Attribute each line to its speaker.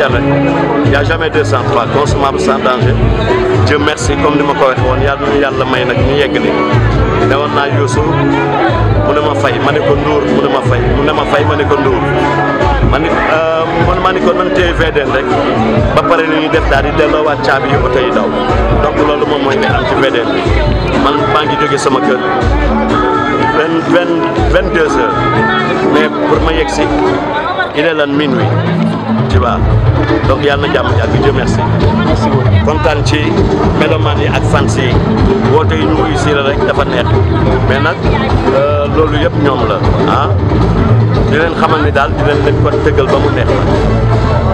Speaker 1: jar rek y' a jamais deux sans danger Dieu merci comme ni ma ko waxee woon yàlla nañu yàlla may nag ñu yeggali ne woon naa Youssou mu ne ma fay ma ne ko Ndour mu ne ma fay ma fay ma ne ko Ndour ma ni euh, man ni ko nan téye VDN rek ba pare li ñuy def daal di delloowaat caabi yi oto yi daw donc loolu moom mooy ne am ci VDN man maa ngi jóge sama kër vingt vingt vingt deux heures mais pour ma yegg si minuit Touba donc yàlla na jàmm yàgg Dieu merci. si beaucoup kontaan ci melomaan yi ak fans woo woote yi ñu wuyu si la rek dafa mais nag euh, loolu yëpp ñoom la ah di leen xamal ni daal di leen leen ko tëggal ba mu neex la.